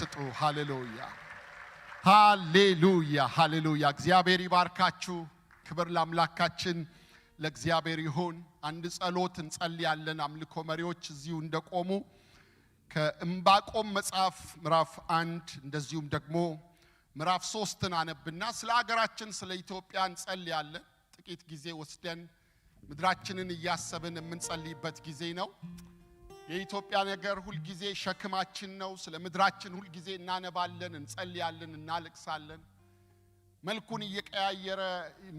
ስጡ። ሃሌሉያ ሃሌሉያ ሃሌሉያ። እግዚአብሔር ይባርካችሁ። ክብር ለአምላካችን ለእግዚአብሔር ይሁን። አንድ ጸሎት እንጸልያለን። አምልኮ መሪዎች እዚሁ እንደቆሙ ከእምባቆም መጽሐፍ ምዕራፍ አንድ እንደዚሁም ደግሞ ምዕራፍ ሶስትን አነብና ስለ አገራችን ስለ ኢትዮጵያ እንጸልያለን። ጥቂት ጊዜ ወስደን ምድራችንን እያሰብን የምንጸልይበት ጊዜ ነው። የኢትዮጵያ ነገር ሁልጊዜ ሸክማችን ነው። ስለ ምድራችን ሁልጊዜ እናነባለን፣ እንጸልያለን፣ እናለቅሳለን። መልኩን እየቀያየረ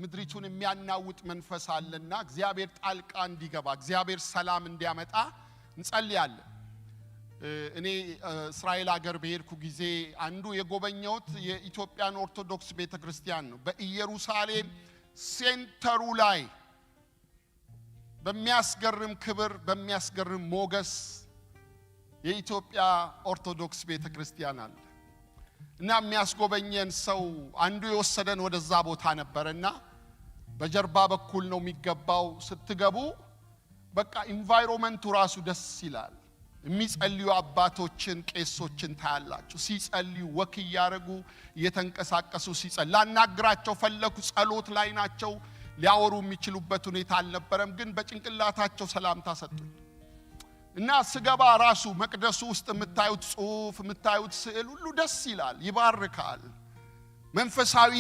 ምድሪቱን የሚያናውጥ መንፈስ አለና እግዚአብሔር ጣልቃ እንዲገባ እግዚአብሔር ሰላም እንዲያመጣ እንጸልያለን። እኔ እስራኤል አገር በሄድኩ ጊዜ አንዱ የጎበኘሁት የኢትዮጵያን ኦርቶዶክስ ቤተ ክርስቲያን ነው። በኢየሩሳሌም ሴንተሩ ላይ በሚያስገርም ክብር በሚያስገርም ሞገስ የኢትዮጵያ ኦርቶዶክስ ቤተ ክርስቲያን አለ እና የሚያስጎበኘን ሰው አንዱ የወሰደን ወደዛ ቦታ ነበረና በጀርባ በኩል ነው የሚገባው። ስትገቡ በቃ ኢንቫይሮመንቱ ራሱ ደስ ይላል። የሚጸልዩ አባቶችን ቄሶችን ታያላችሁ። ሲጸልዩ ወክ እያደረጉ እየተንቀሳቀሱ ሲጸል ላናግራቸው ፈለኩ። ጸሎት ላይ ናቸው። ሊያወሩ የሚችሉበት ሁኔታ አልነበረም። ግን በጭንቅላታቸው ሰላምታ ሰጡኝ እና ስገባ ራሱ መቅደሱ ውስጥ የምታዩት ጽሑፍ የምታዩት ስዕል ሁሉ ደስ ይላል፣ ይባርካል። መንፈሳዊ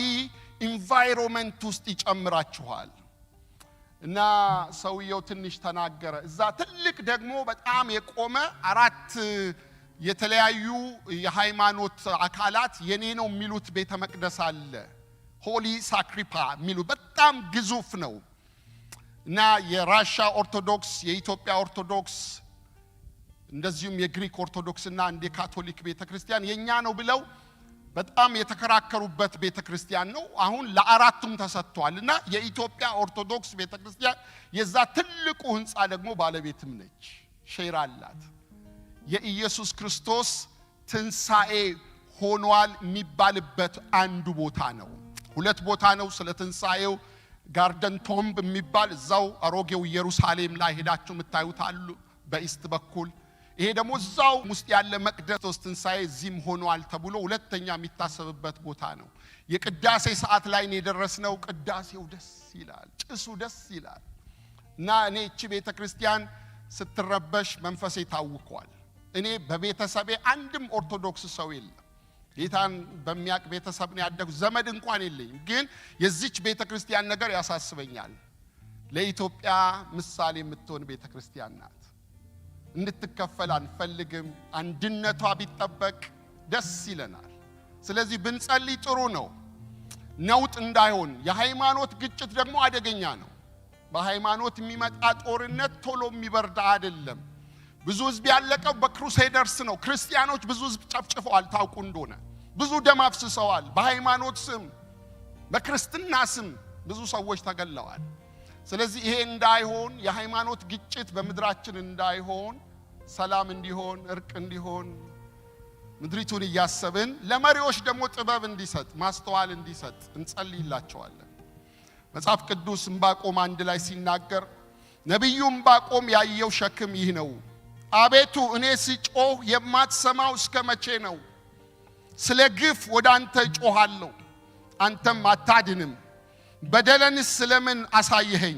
ኢንቫይሮመንት ውስጥ ይጨምራችኋል። እና ሰውየው ትንሽ ተናገረ። እዛ ትልቅ ደግሞ በጣም የቆመ አራት የተለያዩ የሃይማኖት አካላት የኔ ነው የሚሉት ቤተ መቅደስ አለ። ሆሊ ሳክሪፓ የሚሉት በጣም ግዙፍ ነው እና የራሻ ኦርቶዶክስ፣ የኢትዮጵያ ኦርቶዶክስ እንደዚሁም የግሪክ ኦርቶዶክስ እና እንደ ካቶሊክ ቤተ ክርስቲያን የእኛ ነው ብለው በጣም የተከራከሩበት ቤተ ክርስቲያን ነው። አሁን ለአራቱም ተሰጥቷል እና የኢትዮጵያ ኦርቶዶክስ ቤተ ክርስቲያን የዛ ትልቁ ህንፃ ደግሞ ባለቤትም ነች፣ ሼር አላት። የኢየሱስ ክርስቶስ ትንሣኤ ሆኗል የሚባልበት አንዱ ቦታ ነው። ሁለት ቦታ ነው ስለ ትንሣኤው ጋርደን ቶምብ የሚባል እዛው አሮጌው ኢየሩሳሌም ላይ ሄዳችሁ የምታዩት አሉ በኢስት በኩል። ይሄ ደግሞ እዛው ውስጥ ያለ መቅደስ ትንሣኤ እዚህም ሆኗል ተብሎ ሁለተኛ የሚታሰብበት ቦታ ነው። የቅዳሴ ሰዓት ላይ ነው የደረስነው። ቅዳሴው ደስ ይላል፣ ጭሱ ደስ ይላል እና እኔ እቺ ቤተ ክርስቲያን ስትረበሽ መንፈሴ ታውቋል። እኔ በቤተሰቤ አንድም ኦርቶዶክስ ሰው የለም። ጌታን በሚያቅ ቤተሰብ ነው ያደጉ። ዘመድ እንኳን የለኝ፣ ግን የዚች ቤተ ክርስቲያን ነገር ያሳስበኛል። ለኢትዮጵያ ምሳሌ የምትሆን ቤተ ክርስቲያን ናት። እንድትከፈል አንፈልግም። አንድነቷ ቢጠበቅ ደስ ይለናል። ስለዚህ ብንጸልይ ጥሩ ነው። ነውጥ እንዳይሆን። የሃይማኖት ግጭት ደግሞ አደገኛ ነው። በሃይማኖት የሚመጣ ጦርነት ቶሎ የሚበርዳ አይደለም። ብዙ ህዝብ ያለቀው በክሩሴደርስ ነው። ክርስቲያኖች ብዙ ህዝብ ጨፍጭፈዋል። ታውቁ እንደሆነ ብዙ ደም አፍስሰዋል። በሃይማኖት ስም፣ በክርስትና ስም ብዙ ሰዎች ተገለዋል። ስለዚህ ይሄ እንዳይሆን የሃይማኖት ግጭት በምድራችን እንዳይሆን ሰላም እንዲሆን እርቅ እንዲሆን ምድሪቱን እያሰብን ለመሪዎች ደግሞ ጥበብ እንዲሰጥ ማስተዋል እንዲሰጥ እንጸልይላቸዋለን። መጽሐፍ ቅዱስ እምባቆም አንድ ላይ ሲናገር ነቢዩ እምባቆም ያየው ሸክም ይህ ነው። አቤቱ እኔ ስጮህ የማትሰማው እስከ መቼ ነው? ስለ ግፍ ወደ አንተ እጮሃለሁ፣ አንተም አታድንም። በደለንስ ስለምን አሳየኸኝ?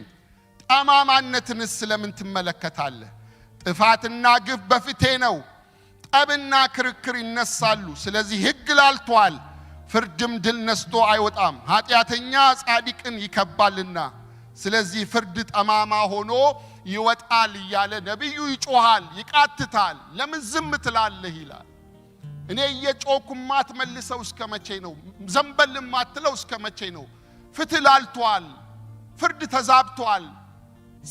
ጠማማነትንስ ስለምን ትመለከታለህ? ጥፋትና ግፍ በፊቴ ነው፣ ጠብና ክርክር ይነሳሉ። ስለዚህ ሕግ ላልቷል፣ ፍርድም ድል ነስቶ አይወጣም። ኃጢአተኛ ጻድቅን ይከባልና ስለዚህ ፍርድ ጠማማ ሆኖ ይወጣል እያለ ነቢዩ ይጮሃል፣ ይቃትታል። ለምን ዝም ትላለህ ይላል። እኔ እየጮኩ ማትመልሰው እስከ መቼ ነው? ዘንበል ማትለው እስከ መቼ ነው? ፍትህ ላልቷል፣ ፍርድ ተዛብቷል፣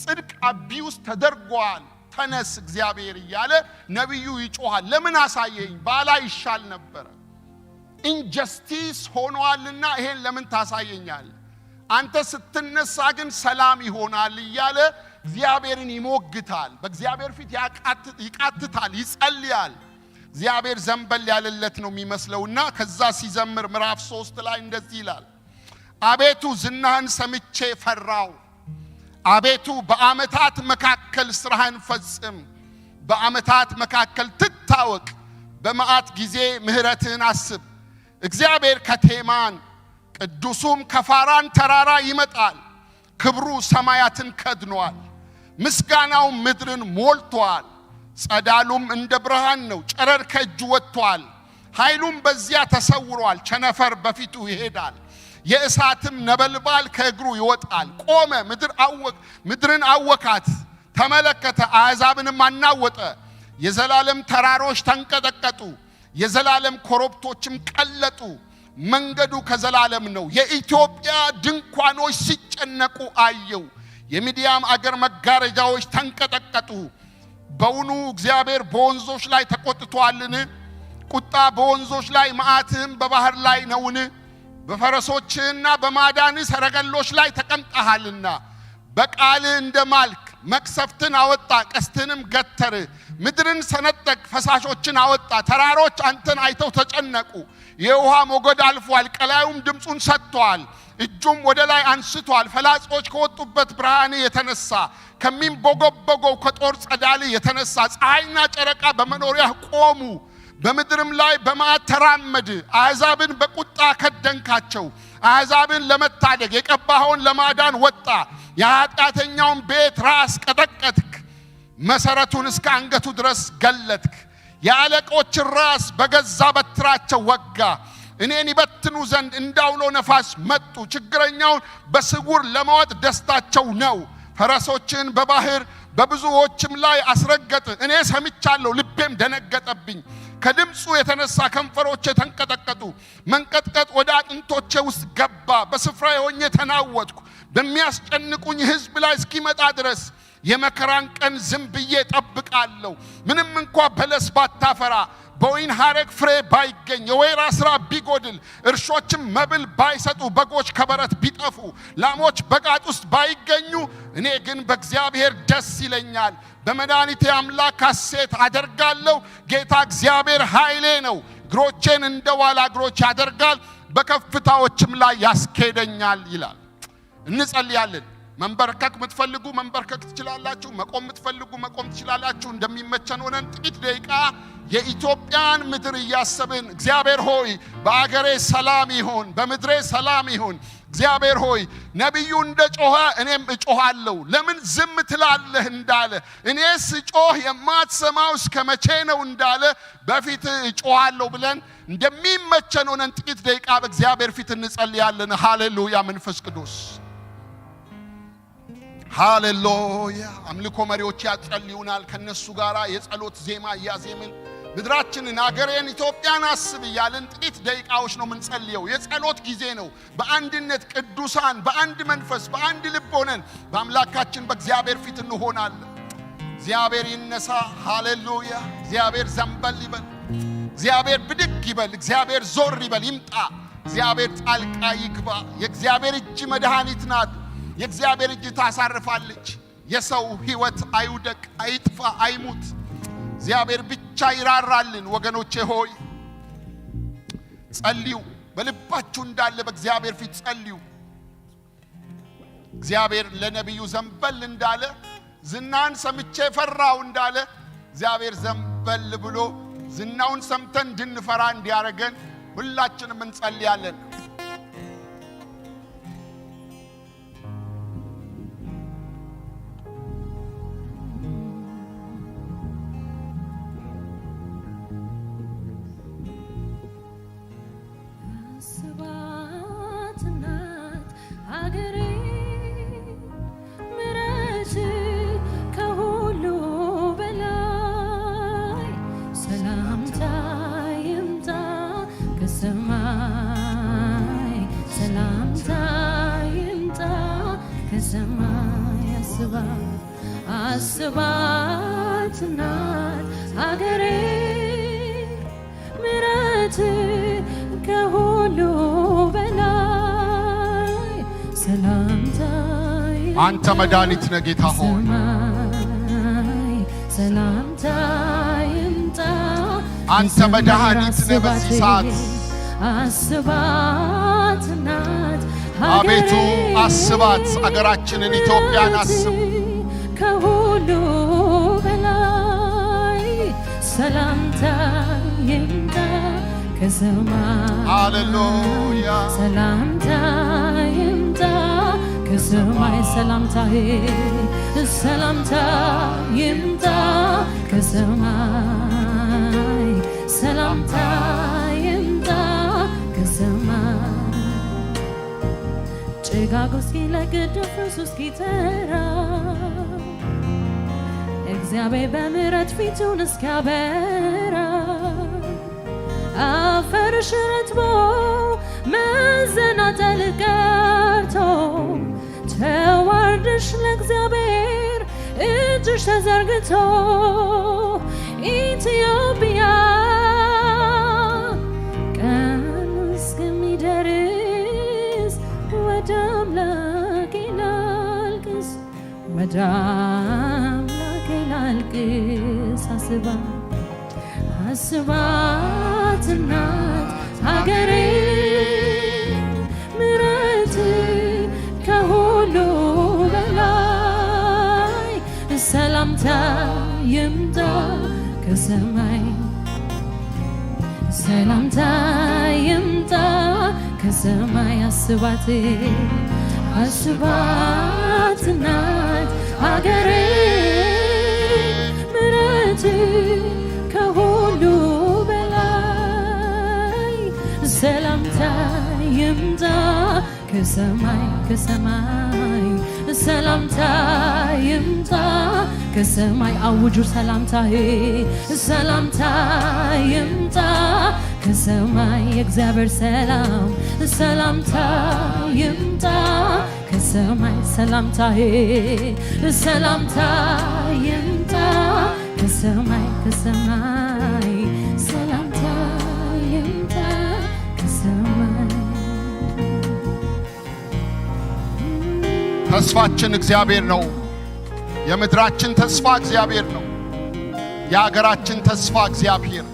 ጽድቅ አቢውስ ተደርጓል። ተነስ እግዚአብሔር እያለ ነቢዩ ይጮሃል። ለምን አሳየኝ ባላ ይሻል ነበረ። ኢንጀስቲስ ሆኗልና ይሄን ለምን ታሳየኛል? አንተ ስትነሳ ግን ሰላም ይሆናል እያለ እግዚአብሔርን ይሞግታል። በእግዚአብሔር ፊት ይቃትታል፣ ይጸልያል። እግዚአብሔር ዘንበል ያለለት ነው የሚመስለውና ከዛ ሲዘምር ምዕራፍ ሶስት ላይ እንደዚህ ይላል አቤቱ ዝናህን ሰምቼ ፈራው። አቤቱ በዓመታት መካከል ስራህን ፈጽም፣ በዓመታት መካከል ትታወቅ። በመዓት ጊዜ ምሕረትህን አስብ። እግዚአብሔር ከቴማን ቅዱሱም ከፋራን ተራራ ይመጣል። ክብሩ ሰማያትን ከድኗል፣ ምስጋናው ምድርን ሞልቷል። ጸዳሉም እንደ ብርሃን ነው፣ ጨረር ከእጁ ወጥቷል። ኃይሉም በዚያ ተሰውሯል። ቸነፈር በፊቱ ይሄዳል፣ የእሳትም ነበልባል ከእግሩ ይወጣል። ቆመ፣ ምድርን አወካት፣ ተመለከተ፣ አሕዛብንም አናወጠ። የዘላለም ተራሮች ተንቀጠቀጡ፣ የዘላለም ኮረብቶችም ቀለጡ። መንገዱ ከዘላለም ነው። የኢትዮጵያ ድንኳኖች ሲጨነቁ አየው። የሚዲያም አገር መጋረጃዎች ተንቀጠቀጡ። በውኑ እግዚአብሔር በወንዞች ላይ ተቆጥቷልን? ቁጣ በወንዞች ላይ መዓትህም በባህር ላይ ነውን? በፈረሶችህና በማዳን ሰረገሎች ላይ ተቀምጠሃልና በቃልህ እንደማል መቅሰፍትን አወጣ፣ ቀስትንም ገተር፣ ምድርን ሰነጠቅ፣ ፈሳሾችን አወጣ። ተራሮች አንተን አይተው ተጨነቁ። የውሃ ሞገድ አልፏል፣ ቀላዩም ድምፁን ሰጥቷል፣ እጁም ወደ ላይ አንስቷል። ፈላጾች ከወጡበት ብርሃን የተነሳ ከሚንቦገቦገው ከጦር ጸዳል የተነሳ ፀሐይና ጨረቃ በመኖሪያ ቆሙ። በምድርም ላይ በመዓት ተራመድ። አሕዛብን በቁጣ ከደንካቸው። አሕዛብን ለመታደግ የቀባኸውን ለማዳን ወጣ የኃጢአተኛውን ቤት ራስ ቀጠቀጥክ፣ መሠረቱን እስከ አንገቱ ድረስ ገለጥክ። የአለቆችን ራስ በገዛ በትራቸው ወጋ። እኔን ይበትኑ ዘንድ እንዳውሎ ነፋስ መጡ። ችግረኛውን በስውር ለማወጥ ደስታቸው ነው። ፈረሶችን በባህር በብዙዎችም ላይ አስረገጥ። እኔ ሰምቻለሁ፣ ልቤም ደነገጠብኝ። ከድምፁ የተነሳ ከንፈሮቼ ተንቀጠቀጡ። መንቀጥቀጥ ወደ አጥንቶቼ ውስጥ ገባ። በስፍራ የሆኜ ተናወጥኩ። በሚያስጨንቁኝ ህዝብ ላይ እስኪመጣ ድረስ የመከራን ቀን ዝም ብዬ ጠብቃለሁ። ምንም እንኳ በለስ ባታፈራ፣ በወይን ሐረግ ፍሬ ባይገኝ፣ የወይራ ስራ ቢጎድል፣ እርሾችም መብል ባይሰጡ፣ በጎች ከበረት ቢጠፉ፣ ላሞች በጋጥ ውስጥ ባይገኙ፣ እኔ ግን በእግዚአብሔር ደስ ይለኛል። በመድኃኒቴ አምላክ ሐሴት አደርጋለሁ። ጌታ እግዚአብሔር ኃይሌ ነው። እግሮቼን እንደ ዋላ እግሮች ያደርጋል፣ በከፍታዎችም ላይ ያስኬደኛል ይላል። እንጸልያለን። መንበርከክ የምትፈልጉ መንበርከክ ትችላላችሁ። መቆም የምትፈልጉ መቆም ትችላላችሁ። እንደሚመቸን ሆነን ጥቂት ደቂቃ የኢትዮጵያን ምድር እያሰብን እግዚአብሔር ሆይ በአገሬ ሰላም ይሁን፣ በምድሬ ሰላም ይሁን። እግዚአብሔር ሆይ ነቢዩ እንደ ጮኸ እኔም እጮኻለሁ። ለምን ዝም ትላለህ እንዳለ እኔ ስጮህ የማትሰማው እስከ መቼ ነው እንዳለ በፊት እጮኻለሁ ብለን እንደሚመቸን ሆነን ጥቂት ደቂቃ በእግዚአብሔር ፊት እንጸልያለን። ሃሌሉያ መንፈስ ቅዱስ ሃሌሉያ። አምልኮ መሪዎች ያጸልዩናል። ከነሱ ጋር የጸሎት ዜማ እያዜምን ምድራችንን አገሬን ኢትዮጵያን አስብ እያልን ጥቂት ደቂቃዎች ነው የምንጸልየው። የጸሎት ጊዜ ነው። በአንድነት ቅዱሳን፣ በአንድ መንፈስ፣ በአንድ ልብ ሆነን በአምላካችን በእግዚአብሔር ፊት እንሆናለን። እግዚአብሔር ይነሳ። ሃሌሉያ። እግዚአብሔር ዘንበል ይበል። እግዚአብሔር ብድግ ይበል። እግዚአብሔር ዞር ይበል፣ ይምጣ። እግዚአብሔር ጣልቃ ይግባ። የእግዚአብሔር እጅ መድኃኒት ናት። የእግዚአብሔር እጅ ታሳርፋለች። የሰው ሕይወት አይውደቅ፣ አይጥፋ፣ አይሙት። እግዚአብሔር ብቻ ይራራልን። ወገኖቼ ሆይ ጸልዩ። በልባችሁ እንዳለ በእግዚአብሔር ፊት ጸልዩ። እግዚአብሔር ለነቢዩ ዘንበል እንዳለ ዝናን ሰምቼ ፈራው እንዳለ እግዚአብሔር ዘንበል ብሎ ዝናውን ሰምተን እንድንፈራ እንዲያደርገን ሁላችንም እንጸልያለን። ማስባት ናት ሀገሬ ምረት ከሁሉ በላይ ሰላምታ አንተ መድኃኒት ነህ ጌታ ሆይ ሰላምታ ይምጣ አንተ መድኃኒት ነህ በዚህ ሰዓት አስባት ናት አቤቱ አስባት አገራችንን ኢትዮጵያን አስብ ሁሉ በላይ ሰላምታ ይምጣ ከሰማይ ሰላምታ ይምጣ ከሰማይ ሰላምታ ሰላምታ ይምጣ ከሰማይ ሰላምታ ይምጣ ከሰማይ ጭጋጉ ሲለግድ ፈሱ እስኪጠራ እግዚአብሔር በምረት ፊቱን እስኪያበራ አፈርሽ ረጥቦ መዘናጠል ቀርቶ ተዋርደሽ ለእግዚአብሔር እጅሽ ተዘርግቶ ኢትዮጵያ ቀን እስከሚደርስ ወደ አምላክ ላልቅስ ወዳ ሳስባት አስባት እናት ሀገሬ ምረት ከሁሉ በላይ ሰላምታ ይምጣ ከሰማይ ሰላምታ ይምጣ ከሰማይ አስባት አስባት እናት ሀገሬ አንተ ከሁሉ በላይ ሰላምታ ይምጣ ከሰማይ ከሰማይ ሰላምታ ይምጣ ከሰማይ አውጁ ሰላምታ ሰላምታ ይምጣ ከሰማይ የእግዚአብሔር ሰላም ሰላምታ ይምጣ ከሰማይ ሰላምታ ሰላምታ ከሰማይ ከሰማይ ሰላምታ ይምጣ ከሰማይ ተስፋችን እግዚአብሔር ነው። የምድራችን ተስፋ እግዚአብሔር ነው። የአገራችን ተስፋ እግዚአብሔር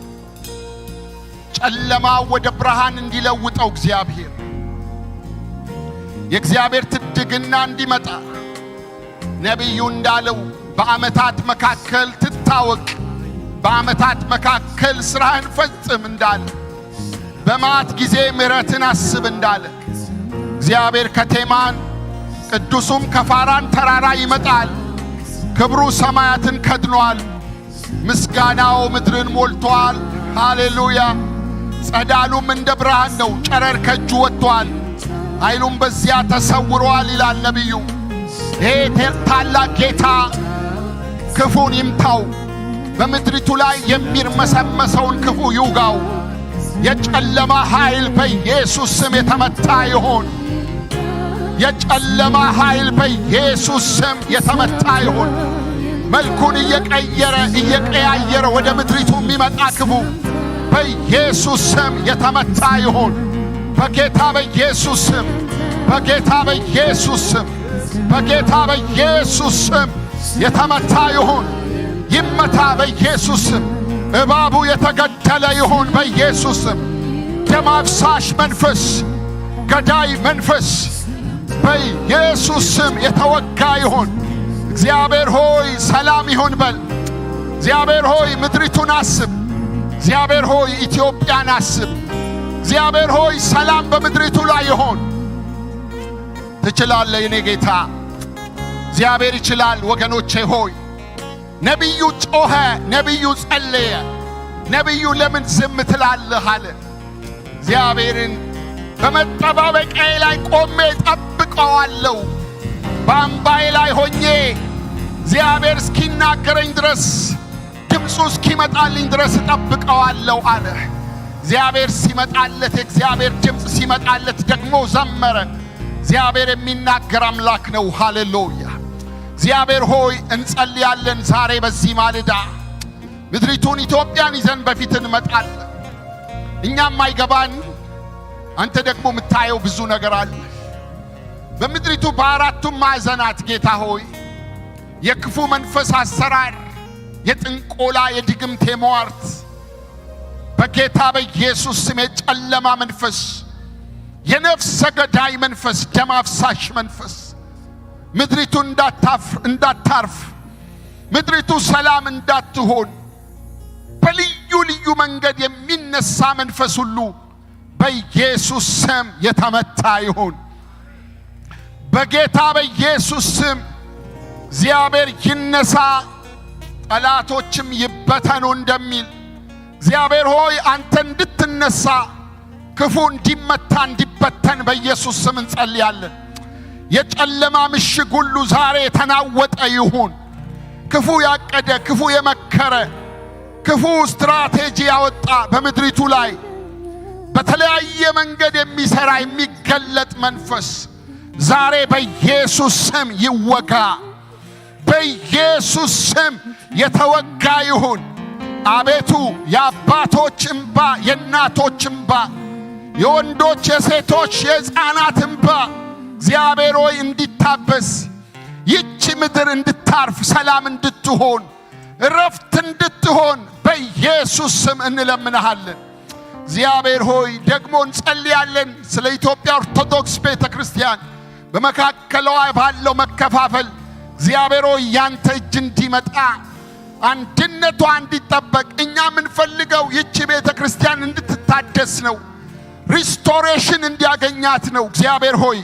ጨለማ ወደ ብርሃን እንዲለውጠው እግዚአብሔር የእግዚአብሔር ትድግና እንዲመጣ ነቢዩ እንዳለው በዓመታት መካከል አታውቅ፣ በዓመታት መካከል ሥራህን ፈጽም እንዳለ፣ በማት ጊዜ ምሕረትን አስብ እንዳለ እግዚአብሔር ከቴማን ቅዱሱም ከፋራን ተራራ ይመጣል። ክብሩ ሰማያትን ከድኗል፣ ምስጋናው ምድርን ሞልቷል። ሃሌሉያ! ጸዳሉም እንደ ብርሃን ነው፣ ጨረር ከእጁ ወጥቷል፣ ኃይሉም በዚያ ተሰውሯል ይላል ነቢዩ። ይሄ ታላቅ ጌታ ክፉን ይምታው። በምድሪቱ ላይ የሚርመሰመሰውን ክፉ ይውጋው። የጨለማ ኃይል በኢየሱስ ስም የተመታ ይሁን። የጨለማ ኃይል በኢየሱስ ስም የተመታ ይሁን። መልኩን እየቀየረ እየቀያየረ ወደ ምድሪቱ የሚመጣ ክፉ በኢየሱስ ስም የተመታ ይሁን። በጌታ በኢየሱስ ስም በጌታ በኢየሱስ ስም በጌታ በኢየሱስ ስም የተመታ ይሁን፣ ይመታ በኢየሱስም። እባቡ የተገደለ ይሁን በኢየሱስም። ደም አፍሳሽ መንፈስ፣ ገዳይ መንፈስ በኢየሱስም የተወጋ ይሁን። እግዚአብሔር ሆይ ሰላም ይሁን በል። እግዚአብሔር ሆይ ምድሪቱን አስብ። እግዚአብሔር ሆይ ኢትዮጵያን አስብ። እግዚአብሔር ሆይ ሰላም በምድሪቱ ላይ ይሁን። ትችላለህ የኔ ጌታ። እግዚአብሔር ይችላል። ወገኖቼ ሆይ ነቢዩ ጮኸ፣ ነቢዩ ጸለየ። ነቢዩ ለምን ዝም ትላለህ አለ። እግዚአብሔርን በመጠባበቂያዬ ላይ ቆሜ ጠብቀዋለሁ። በአምባዬ ላይ ሆኜ እግዚአብሔር እስኪናገረኝ ድረስ ድምፁ እስኪመጣልኝ ድረስ እጠብቀዋለሁ አለ። እግዚአብሔር ሲመጣለት፣ የእግዚአብሔር ድምፅ ሲመጣለት ደግሞ ዘመረ። እግዚአብሔር የሚናገር አምላክ ነው። ሃሌሉያ እግዚአብሔር ሆይ እንጸልያለን። ዛሬ በዚህ ማልዳ ምድሪቱን ኢትዮጵያን ይዘን በፊት እንመጣለን። እኛም አይገባን፣ አንተ ደግሞ የምታየው ብዙ ነገር አለ። በምድሪቱ በአራቱም ማዕዘናት ጌታ ሆይ የክፉ መንፈስ አሰራር፣ የጥንቆላ፣ የድግምት፣ የመዋርት በጌታ በኢየሱስ ስም የጨለማ መንፈስ፣ የነፍሰ ገዳይ መንፈስ፣ ደም አፍሳሽ መንፈስ ምድሪቱ እንዳታርፍ፣ ምድሪቱ ሰላም እንዳትሆን በልዩ ልዩ መንገድ የሚነሳ መንፈስ ሁሉ በኢየሱስ ስም የተመታ ይሁን። በጌታ በኢየሱስ ስም እግዚአብሔር ይነሳ፣ ጠላቶችም ይበተኑ እንደሚል እግዚአብሔር ሆይ አንተ እንድትነሳ ክፉ እንዲመታ እንዲበተን በኢየሱስ ስም እንጸልያለን። የጨለማ ምሽግ ሁሉ ዛሬ የተናወጠ ይሁን። ክፉ ያቀደ፣ ክፉ የመከረ፣ ክፉ ስትራቴጂ ያወጣ በምድሪቱ ላይ በተለያየ መንገድ የሚሰራ የሚገለጥ መንፈስ ዛሬ በኢየሱስ ስም ይወጋ። በኢየሱስ ስም የተወጋ ይሁን። አቤቱ የአባቶች እምባ፣ የእናቶች እምባ፣ የወንዶች የሴቶች፣ የሕፃናት እምባ እግዚአብሔር ሆይ እንዲታበስ ይቺ ምድር እንድታርፍ ሰላም እንድትሆን እረፍት እንድትሆን በኢየሱስ ስም እንለምንሃለን። እግዚአብሔር ሆይ ደግሞ እንጸልያለን ስለ ኢትዮጵያ ኦርቶዶክስ ቤተ ክርስቲያን በመካከሏ ባለው መከፋፈል እግዚአብሔር ሆይ ያንተ እጅ እንዲመጣ አንድነቷ እንዲጠበቅ እኛ የምንፈልገው ይቺ ቤተ ክርስቲያን እንድትታደስ ነው። ሪስቶሬሽን እንዲያገኛት ነው። እግዚአብሔር ሆይ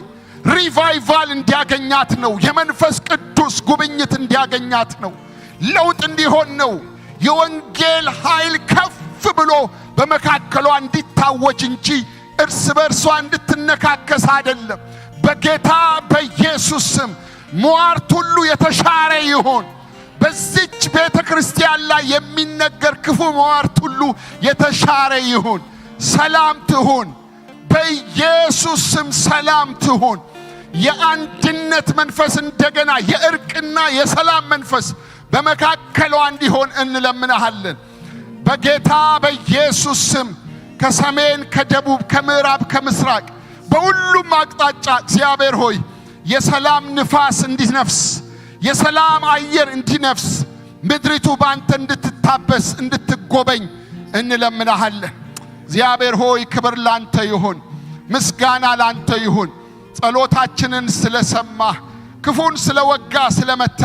ሪቫይቫል እንዲያገኛት ነው። የመንፈስ ቅዱስ ጉብኝት እንዲያገኛት ነው። ለውጥ እንዲሆን ነው። የወንጌል ኃይል ከፍ ብሎ በመካከሏ እንዲታወጅ እንጂ እርስ በርሷ እንድትነካከስ አይደለም። በጌታ በኢየሱስ ስም ሟርት ሁሉ የተሻረ ይሆን። በዚች ቤተ ክርስቲያን ላይ የሚነገር ክፉ ሟርት ሁሉ የተሻረ ይሁን። ሰላም ትሁን። በኢየሱስ ስም ሰላም ትሁን። የአንድነት መንፈስ እንደገና የእርቅና የሰላም መንፈስ በመካከሏ እንዲሆን እንለምናሃለን። በጌታ በኢየሱስ ስም ከሰሜን፣ ከደቡብ፣ ከምዕራብ፣ ከምስራቅ በሁሉም አቅጣጫ እግዚአብሔር ሆይ የሰላም ንፋስ እንዲነፍስ፣ የሰላም አየር እንዲነፍስ፣ ምድሪቱ በአንተ እንድትታበስ እንድትጎበኝ እንለምናሃለን። እግዚአብሔር ሆይ ክብር ላንተ ይሁን፣ ምስጋና ላንተ ይሁን። ጸሎታችንን ስለሰማ ክፉን ስለወጋ፣ ስለመታ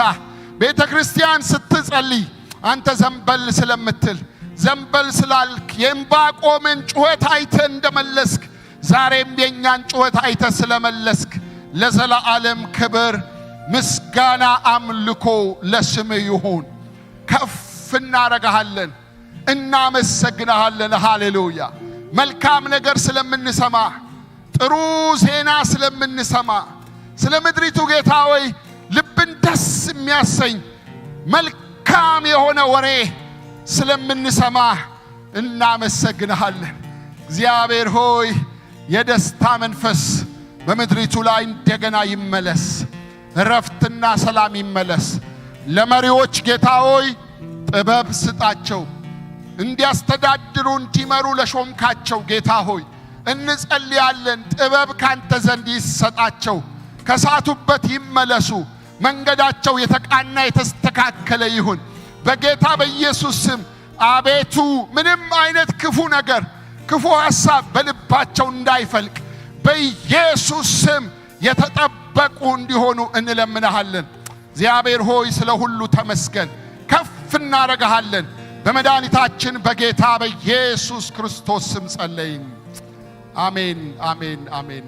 ቤተ ክርስቲያን ስትጸልይ አንተ ዘንበል ስለምትል ዘንበል ስላልክ የዕንባቆምን ጩኸት አይተ እንደመለስክ ዛሬም የእኛን ጩኸት አይተ ስለመለስክ ለዘላለም ክብር ምስጋና አምልኮ ለስም ይሁን። ከፍ እናረግሃለን፣ እናመሰግንሃለን። ሃሌሉያ መልካም ነገር ስለምንሰማህ ጥሩ ዜና ስለምንሰማ ስለ ምድሪቱ ጌታ ወይ ልብን ደስ የሚያሰኝ መልካም የሆነ ወሬ ስለምንሰማ እናመሰግንሃለን። እግዚአብሔር ሆይ የደስታ መንፈስ በምድሪቱ ላይ እንደገና ይመለስ፣ እረፍትና ሰላም ይመለስ። ለመሪዎች ጌታ ሆይ ጥበብ ስጣቸው፣ እንዲያስተዳድሩ እንዲመሩ ለሾምካቸው ጌታ ሆይ እንጸልያለን። ጥበብ ካንተ ዘንድ ይሰጣቸው፣ ከሳቱበት ይመለሱ፣ መንገዳቸው የተቃና የተስተካከለ ይሁን በጌታ በኢየሱስ ስም። አቤቱ ምንም አይነት ክፉ ነገር፣ ክፉ ሐሳብ በልባቸው እንዳይፈልቅ በኢየሱስ ስም የተጠበቁ እንዲሆኑ እንለምናሃለን። እግዚአብሔር ሆይ ስለ ሁሉ ተመስገን፣ ከፍ እናረግሃለን። በመድኃኒታችን በጌታ በኢየሱስ ክርስቶስ ስም ጸለይን። Amen, amen, amen.